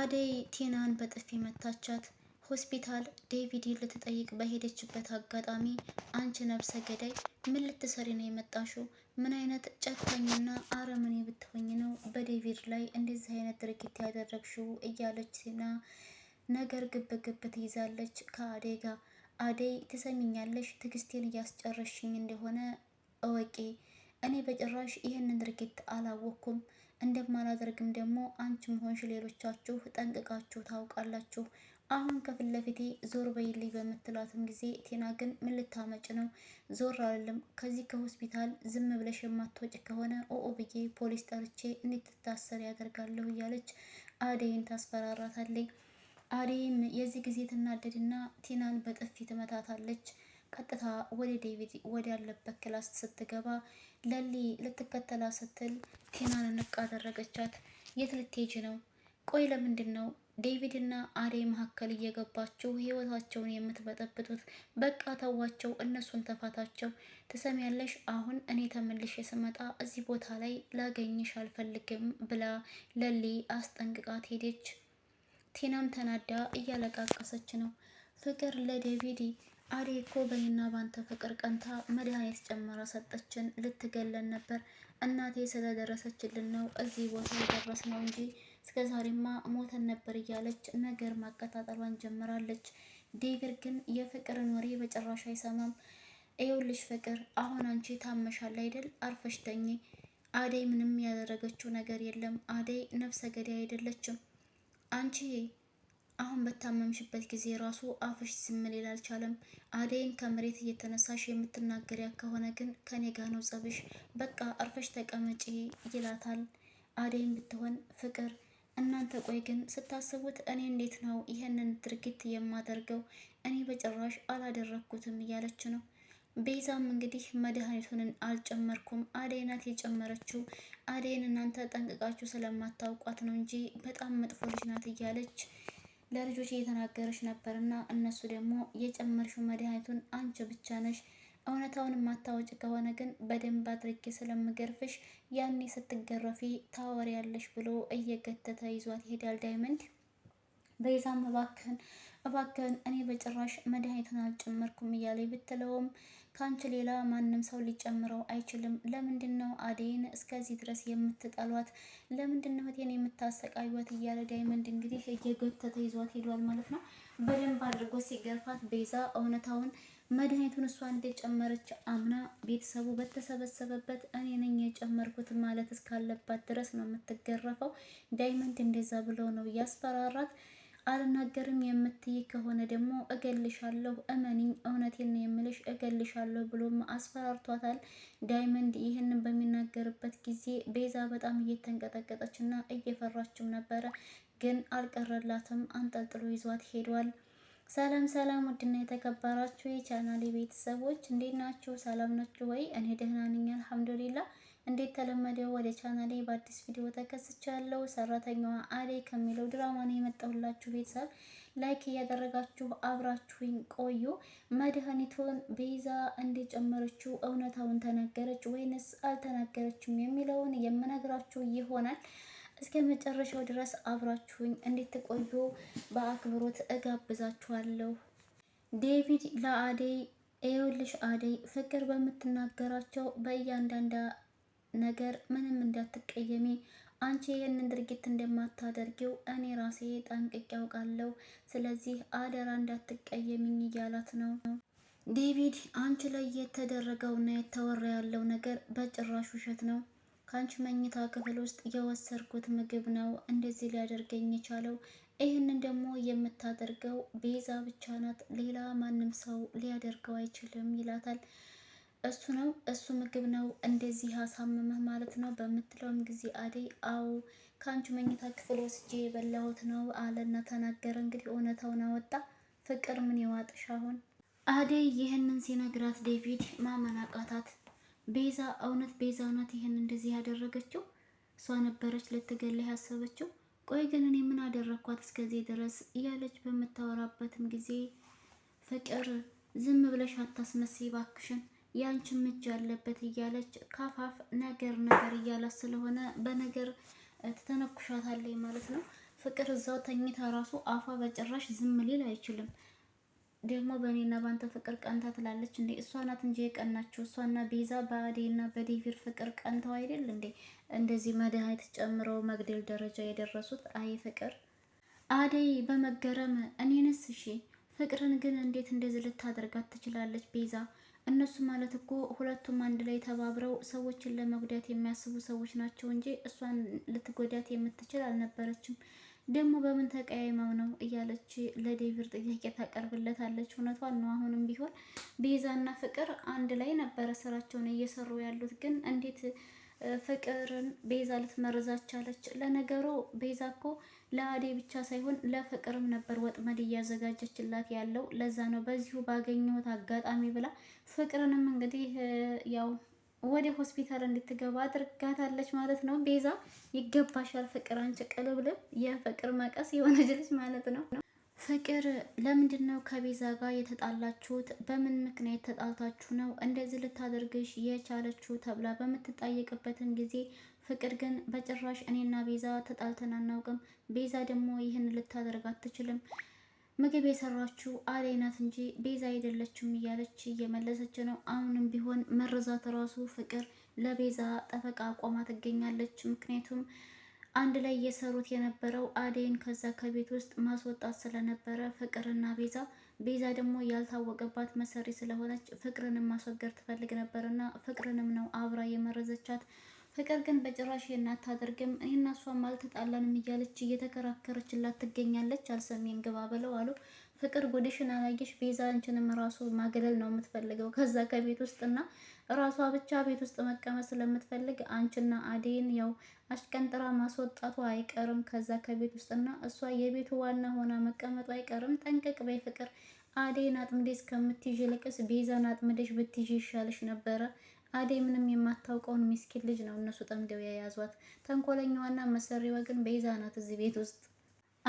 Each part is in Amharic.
አደይ ቲናን በጥፊ መታቻት። ሆስፒታል ዴቪድን ልትጠይቅ በሄደችበት አጋጣሚ አንቺ ነብሰ ገዳይ ምን ልትሰሪ ነው የመጣሽው? ምን አይነት ጨካኝና አረመኔ ብትሆኝ ነው በዴቪድ ላይ እንደዚህ አይነት ድርጊት ያደረግሽው? እያለች ና ነገር ግብ ትይዛለች ከአደይ ጋር። አደይ ትሰሚኛለሽ፣ ትግስቴን እያስጨረሽኝ እንደሆነ እወቂ። እኔ በጭራሽ ይህንን ድርጊት አላወቅኩም። እንደማላደርግም ደግሞ አንቺም ሆንሽ ሌሎቻችሁ ጠንቅቃችሁ ታውቃላችሁ። አሁን ከፊት ለፊቴ ዞር በይልኝ በምትላትም ጊዜ ቴና ግን ምን ልታመጭ ነው? ዞር አልልም። ከዚህ ከሆስፒታል ዝም ብለሽ የማትወጭ ከሆነ ኦኦ ብዬ ፖሊስ ጠርቼ እንድትታሰር ያደርጋለሁ እያለች አደይን ታስፈራራታለች። አደይም የዚህ ጊዜ ትናደድና ቴናን በጥፊ ትመታታለች። ቀጥታ ወደ ዴቪድ ወደ ያለበት ክላስ ስትገባ ለሊ ልትከተላ ስትል ቲናን ንቅ አደረገቻት። የት ልትሄጅ ነው? ቆይ ለምንድን ነው ዴቪድ እና አዴ መካከል እየገባችሁ ህይወታቸውን የምትበጠብጡት? በቃ ተዋቸው፣ እነሱን ተፋታቸው። ትሰሚያለሽ? አሁን እኔ ተመልሼ ስመጣ እዚህ ቦታ ላይ ላገኝሽ አልፈልግም ብላ ለሊ አስጠንቅቃት ሄደች። ቲናም ተናዳ እያለቃቀሰች ነው። ፍቅር ለዴቪድ አዴ እኮ በኔና ባንተ ፍቅር ቀንታ መድኃኒት ጨምራ ሰጠችን። ልትገለን ነበር። እናቴ ስለደረሰችልን ነው እዚህ ቦታ የደረስ ነው እንጂ እስከ ዛሬማ ሞተን ነበር እያለች ነገር ማቀጣጠሏን ጀምራለች። ዴቪድ ግን የፍቅርን ወሬ በጭራሽ አይሰማም። ይኸውልሽ ፍቅር፣ አሁን አንቺ ታመሻል አይደል? አርፈሽ ተኚ። አደይ ምንም ያደረገችው ነገር የለም። አደይ ነፍሰ ገዳይ አይደለችም። አንቺ አሁን በታመምሽበት ጊዜ ራሱ አፍሽ ዝም ሊል አልቻለም። አደይን ከመሬት እየተነሳሽ የምትናገሪያ ከሆነ ግን ከኔ ጋ ነው ጸብሽ፣ በቃ አርፈሽ ተቀመጪ ይላታል። አደይን ብትሆን ፍቅር እናንተ ቆይ ግን ስታስቡት እኔ እንዴት ነው ይህንን ድርጊት የማደርገው? እኔ በጭራሽ አላደረግኩትም እያለች ነው። ቤዛም እንግዲህ መድኃኒቱንን አልጨመርኩም አደይ ናት የጨመረችው፣ አደይን እናንተ ጠንቅቃችሁ ስለማታውቋት ነው እንጂ በጣም መጥፎ ልጅ ናት እያለች ለልጆች እየተናገረች ነበር እና እነሱ ደግሞ የጨመርሽው መድኃኒቱን አንቺ ብቻ ነሽ እውነታውን የማታወጭ ከሆነ ግን በደንብ አድርጌ ስለምገርፍሽ ያኔ ስትገረፊ ታወሪያለሽ ብሎ እየገተተ ይዟት ይሄዳል። ዳይመንድ በይዛም እባክህን እባክህን እኔ በጭራሽ መድኃኒቱን አልጨመርኩም እያለ ብትለውም ከአንቺ ሌላ ማንም ሰው ሊጨምረው አይችልም። ለምንድን ነው አደይን እስከዚህ ድረስ የምትጠሏት? ለምንድን ነው እህቴን የምታሰቃዩት? እያለ ዳይመንድ እንግዲህ እየጎተተ ይዟት ሄዷል ማለት ነው። በደንብ አድርጎ ሲገርፋት ቤዛ እውነታውን መድኃኒቱን እሷ እንደጨመረች አምና ቤተሰቡ በተሰበሰበበት እኔ ነኝ የጨመርኩት ማለት እስካለባት ድረስ ነው የምትገረፈው። ዳይመንድ እንደዛ ብሎ ነው እያስፈራራት አልናገርም የምትይ ከሆነ ደግሞ እገልሻለሁ፣ እመኒኝ፣ እውነቴን የምልሽ እገልሻለሁ ብሎም አስፈራርቷታል። ዳይመንድ ይህን በሚናገርበት ጊዜ ቤዛ በጣም እየተንቀጠቀጠች እና እየፈራችም ነበረ፣ ግን አልቀረላትም፣ አንጠልጥሎ ይዟት ሄዷል። ሰላም ሰላም፣ ውድና የተከበራችሁ የቻናሌ ቤተሰቦች እንዴት ናችሁ? ሰላም ናችሁ ወይ? እኔ ደህና ነኝ፣ አልሐምዱሊላ እንዴት ተለመደው ወደ ቻናሌ በአዲስ ቪዲዮ ተከስቻለሁ። ሰራተኛዋ አደይ ከሚለው ድራማ ነው የመጣሁላችሁ። ቤተሰብ ላይክ እያደረጋችሁ አብራችሁኝ ቆዩ። መድኃኒቱን ቤዛ እንደጨመረችው እውነታውን ተናገረች ወይንስ አልተናገረችም የሚለውን የምነግራችሁ ይሆናል። እስከ መጨረሻው ድረስ አብራችሁኝ እንድትቆዩ በአክብሮት እጋብዛችኋለሁ። ዴቪድ ለአደይ ይኸውልሽ አደይ ፍቅር በምትናገራቸው በእያንዳንዳ ነገር ምንም እንዳትቀየሚ አንቺ ይህንን ድርጊት እንደማታደርጊው እኔ ራሴ ጠንቅቄ ያውቃለሁ። ስለዚህ አደራ እንዳትቀየሚኝ እያላት ነው። ዴቪድ አንቺ ላይ እና የተወራ ያለው ነገር በጭራሽ ውሸት ነው። ከአንቺ መኝታ ክፍል ውስጥ የወሰድኩት ምግብ ነው እንደዚህ ሊያደርገኝ የቻለው። ይህንን ደግሞ የምታደርገው ቤዛ ብቻ ናት፣ ሌላ ማንም ሰው ሊያደርገው አይችልም ይላታል። እሱ ነው እሱ ምግብ ነው እንደዚህ ያሳምምህ ማለት ነው በምትለውም ጊዜ አደይ አዎ ከአንቺ መኝታ ክፍል ወስጄ የበላሁት ነው አለና ተናገረ። እንግዲህ እውነታውን አወጣ። ፍቅር ምን የዋጥሽ አሁን? አደይ ይህንን ሲነግራት ዴቪድ ማመን አቃታት። ቤዛ እውነት ቤዛ እውነት ይህን እንደዚህ ያደረገችው? እሷ ነበረች ልትገላ ያሰበችው? ቆይ ግን እኔ ምን አደረግኳት እስከዚህ ድረስ እያለች በምታወራበትም ጊዜ ፍቅር ዝም ብለሽ አታስመስይ ባክሽን ያንቺ እጅ ያለበት እያለች ካፋፍ ነገር ነገር እያላት ስለሆነ በነገር ትተነኩሻታለች ማለት ነው። ፍቅር እዛው ተኝታ ራሱ አፏ በጭራሽ ዝም ሊል አይችልም። ደግሞ በእኔና በአንተ ፍቅር ቀንታ ትላለች እንዴ? እሷ ናት እንጂ የቀናችው እሷና ቤዛ በአዴና በዴቪር ፍቅር ቀንተው አይደል እንዴ? እንደዚህ መድኃኒት ጨምረው መግደል ደረጃ የደረሱት። አይ ፍቅር አደይ በመገረም እኔንስ እሺ ፍቅርን ግን እንዴት እንደዚህ ልታደርጋት ትችላለች ቤዛ እነሱ ማለት እኮ ሁለቱም አንድ ላይ ተባብረው ሰዎችን ለመጉዳት የሚያስቡ ሰዎች ናቸው እንጂ እሷን ልትጎዳት የምትችል አልነበረችም። ደግሞ በምን ተቀያይመው ነው እያለች ለዴቪር ጥያቄ ታቀርብለታለች። እውነቷን ነው። አሁንም ቢሆን ቤዛና ፍቅር አንድ ላይ ነበረ ስራቸውን እየሰሩ ያሉት ግን እንዴት ፍቅርን ቤዛ ልትመርዛች አለች። ለነገሩ ቤዛ እኮ ለአዴ ብቻ ሳይሆን ለፍቅርም ነበር ወጥመድ እያዘጋጀችላት ያለው። ለዛ ነው በዚሁ ባገኘሁት አጋጣሚ ብላ ፍቅርንም እንግዲህ ያው ወደ ሆስፒታል እንድትገባ አድርጋታለች ማለት ነው። ቤዛ ይገባሻል ፍቅር፣ አንቺ ቅልብልብ የፍቅር መቀስ የሆነች ልጅ ማለት ነው። ፍቅር ለምንድን ነው ከቤዛ ጋር የተጣላችሁት? በምን ምክንያት ተጣልታችሁ ነው እንደዚህ ልታደርግሽ የቻለችው ተብላ በምትጠየቅበትን ጊዜ ፍቅር ግን በጭራሽ እኔና ቤዛ ተጣልተን አናውቅም፣ ቤዛ ደግሞ ይህን ልታደርግ አትችልም፣ ምግብ የሰራችው አደይ ናት እንጂ ቤዛ አይደለችም እያለች እየመለሰች ነው። አሁንም ቢሆን መረዛት ራሱ ፍቅር ለቤዛ ጠበቃ ቆማ ትገኛለች። ምክንያቱም አንድ ላይ እየሰሩት የነበረው አደይን ከዛ ከቤት ውስጥ ማስወጣት ስለነበረ ፍቅርና ቤዛ ቤዛ ደግሞ ያልታወቀባት መሰሪ ስለሆነች ፍቅርንም ማስወገድ ትፈልግ ነበርና ፍቅርንም ነው አብራ የመረዘቻት። ፍቅር ግን በጭራሽ እናታደርግም እኔና እሷም አልተጣላንም እያለች እየተከራከረችላት ትገኛለች። አልሰሜን ግባ ብለው አሉ። ፍቅር ጉድሽን አላየሽ ቤዛ፣ አንቺንም ራሱ ማግለል ነው የምትፈልገው ከዛ ከቤት ውስጥ እና ራሷ ብቻ ቤት ውስጥ መቀመጥ ስለምትፈልግ አንቺና አዴን ያው አሽቀንጥራ ማስወጣቱ አይቀርም። ከዛ ከቤት ውስጥ እና እሷ የቤቱ ዋና ሆና መቀመጡ አይቀርም። ጠንቀቅ በይ ፍቅር። አዴን አጥምዴስ ከምትይዥ ልቅስ ቤዛን አጥምዴሽ ብትይዥ ይሻልሽ ነበረ። አዴ ምንም የማታውቀውን ሚስኪን ልጅ ነው እነሱ ጠምደው የያዟት። ተንኮለኛዋና መሰሪዋ ግን ቤዛ ናት እዚህ ቤት ውስጥ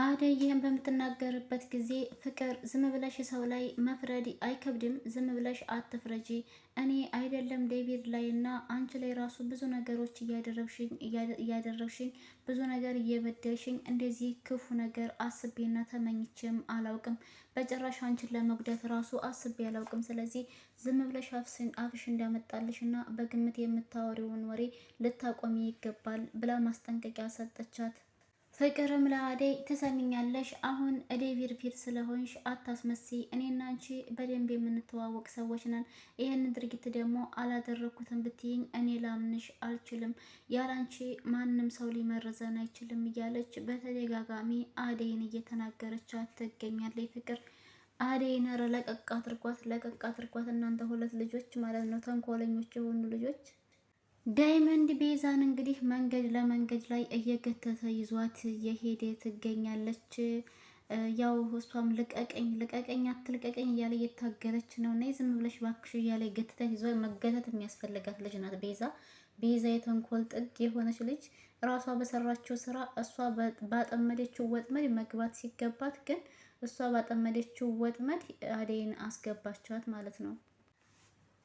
አደይ ይህን በምትናገርበት ጊዜ ፍቅር ዝም ብለሽ ሰው ላይ መፍረድ አይከብድም፣ ዝም ብለሽ አትፍረጂ። እኔ አይደለም ዴቪድ ላይ እና አንቺ ላይ ራሱ ብዙ ነገሮች እያደረግሽኝ፣ ብዙ ነገር እየበደልሽኝ፣ እንደዚህ ክፉ ነገር አስቤና ተመኝቼም አላውቅም። በጭራሽ አንቺን ለመጉዳት ራሱ አስቤ አላውቅም። ስለዚህ ዝም ብለሽ አፍሽ እንዳመጣልሽ እና በግምት የምታወሪውን ወሬ ልታቆሚ ይገባል ብላ ማስጠንቀቂያ ሰጠቻት። ፍቅርም ለአደይ ትሰሚኛለሽ፣ አሁን እዴ ቪርቪር ስለሆንሽ አታስመሲ። እኔና አንቺ በደንብ የምንተዋወቅ ሰዎች ነን። ይህን ድርጊት ደግሞ አላደረግኩትም ብትይኝ እኔ ላምንሽ አልችልም። ያላንቺ ማንም ሰው ሊመረዘን አይችልም እያለች በተደጋጋሚ አደይን እየተናገረቻት ትገኛለች። ፍቅር አደይን ኧረ ለቀቅ አድርጓት፣ ለቀቅ አድርጓት። እናንተ ሁለት ልጆች ማለት ነው ተንኮለኞች የሆኑ ልጆች ዳይመንድ ቤዛን እንግዲህ መንገድ ለመንገድ ላይ እየገተተ ይዟት የሄደ ትገኛለች። ያው እሷም ልቀቀኝ ልቀቀኝ አትልቀቀኝ እያለ እየታገለች ነው። እና ዝም ብለሽ ባክሽ እያለ ገተተ ይዞ መገተት የሚያስፈልጋት ልጅ ናት ቤዛ። ቤዛ የተንኮል ጥግ የሆነች ልጅ ራሷ በሰራችው ስራ እሷ ባጠመደችው ወጥመድ መግባት ሲገባት፣ ግን እሷ ባጠመደችው ወጥመድ አደይን አስገባቸዋት ማለት ነው።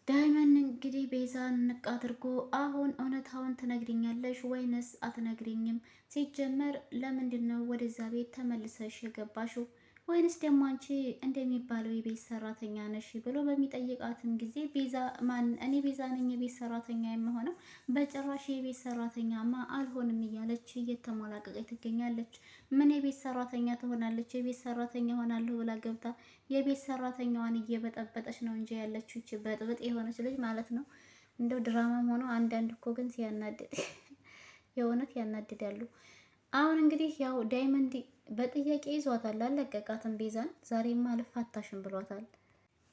ዳይመን እንግዲህ ቤዛን ንቅ አድርጎ አሁን እውነታውን ትነግሪኛለሽ ወይንስ አትነግሪኝም? ሲጀመር ለምንድን ነው ወደዛ ቤት ተመልሰሽ የገባሽው? ወይንስ ደግሞ አንቺ እንደሚባለው የቤት ሰራተኛ ነሽ ብሎ በሚጠይቃትም ጊዜ ቤዛ ማን እኔ ቤዛ ነኝ የቤት ሰራተኛ የምሆነው በጭራሽ የቤት ሰራተኛማ አልሆንም እያለች እየተሞላቀቀ ትገኛለች። ምን የቤት ሰራተኛ ትሆናለች? የቤት ሰራተኛ ሆናለሁ ብላ ገብታ የቤት ሰራተኛዋን እየበጠበጠች ነው እንጂ ያለችው ይቺ በጥብጥ የሆነች ልጅ ማለት ነው። እንደው ድራማም ሆኖ አንዳንድ እኮ ግን ሲያናድድ የእውነት ያናድዳሉ። አሁን እንግዲህ ያው ዳይመንድ በጥያቄ ይዟታል። አለቀቃትም ቤዛን። ዛሬማ አልፋታሽም ብሏታል።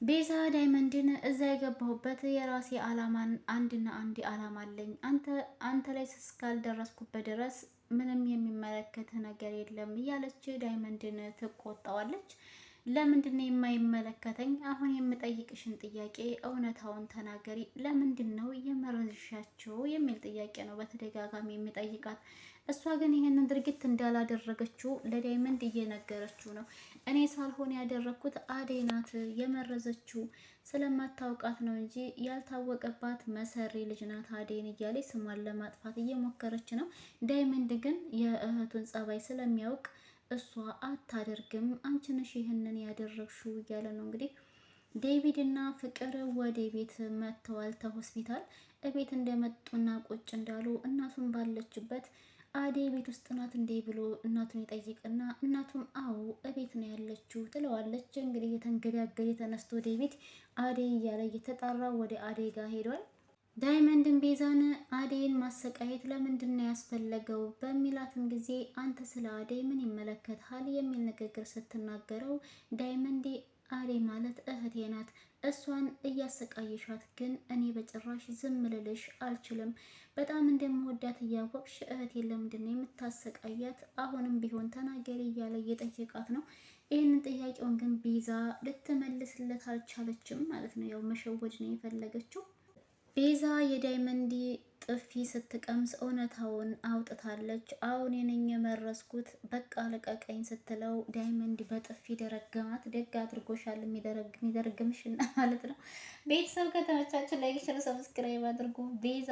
ቤዛ ዳይመንድን እዛ የገባሁበት የራሴ አላማን አንድና አንድ አላማ አለኝ። አንተ አንተ ላይ እስካልደረስኩበት ድረስ ምንም የሚመለከት ነገር የለም እያለች ዳይመንድን ትቆጣዋለች። ለምንድን ነው የማይመለከተኝ? አሁን የምጠይቅሽን ጥያቄ እውነታውን ተናገሪ። ለምንድን ነው የመረዝሻቸው የሚል ጥያቄ ነው በተደጋጋሚ የሚጠይቃት። እሷ ግን ይሄንን ድርጊት እንዳላደረገችው ለዳይመንድ እየነገረችው ነው። እኔ ሳልሆን ያደረግኩት አደይ ናት የመረዘችው ስለማታውቃት ነው እንጂ ያልታወቀባት መሰሪ ልጅ ናት አደይን እያለ ስሟን ለማጥፋት እየሞከረች ነው። ዳይመንድ ግን የእህቱን ጸባይ ስለሚያውቅ እሷ አታደርግም፣ አንቺ ነሽ ይህንን ያደረግሽው እያለ ነው እንግዲህ ዴቪድ እና ፍቅር ወደ ቤት መጥተዋል። ተሆስፒታል እቤት እንደመጡና ቁጭ እንዳሉ እናቱን ባለችበት አዴ ቤት ውስጥ ናት እንዴ ብሎ እናቱን ይጠይቅና እናቱም አዎ እቤት ነው ያለችው ትለዋለች። እንግዲህ የተንገዳገደ ተነስቶ ወደ ቤት አዴ እያለ እየተጣራ ወደ አዴ ጋር ሄዷል። ዳይመንድን ቤዛን አዴይን ማሰቃየት ለምንድን ነው ያስፈለገው በሚላትም ጊዜ አንተ ስለ አዴይ ምን ይመለከታል የሚል ንግግር ስትናገረው ዳይመንድ አሬ ማለት እህቴ ናት። እሷን እያሰቃየሻት ግን እኔ በጭራሽ ዝም ልልሽ አልችልም። በጣም እንደምወዳት እያወቅሽ እህቴ ለምንድነው የምታሰቃያት? አሁንም ቢሆን ተናገሪ እያለ እየጠየቃት ነው። ይህንን ጥያቄውን ግን ቢዛ ልትመልስለት አልቻለችም ማለት ነው። ያው መሸወድ ነው የፈለገችው። ቤዛ የዳይመንዲ ጥፊ ስትቀምስ እውነታውን አውጥታለች። አሁን የነኝ የመረስኩት በቃ ልቀቀኝ ስትለው ዳይመንድ በጥፊ ደረገማት። ደግ አድርጎሻል የሚደረግምሽና ማለት ነው። ቤተሰብ ከተመቻችን ላይክ፣ ሸር፣ ሰብስክራይብ አድርጉ ቤዛ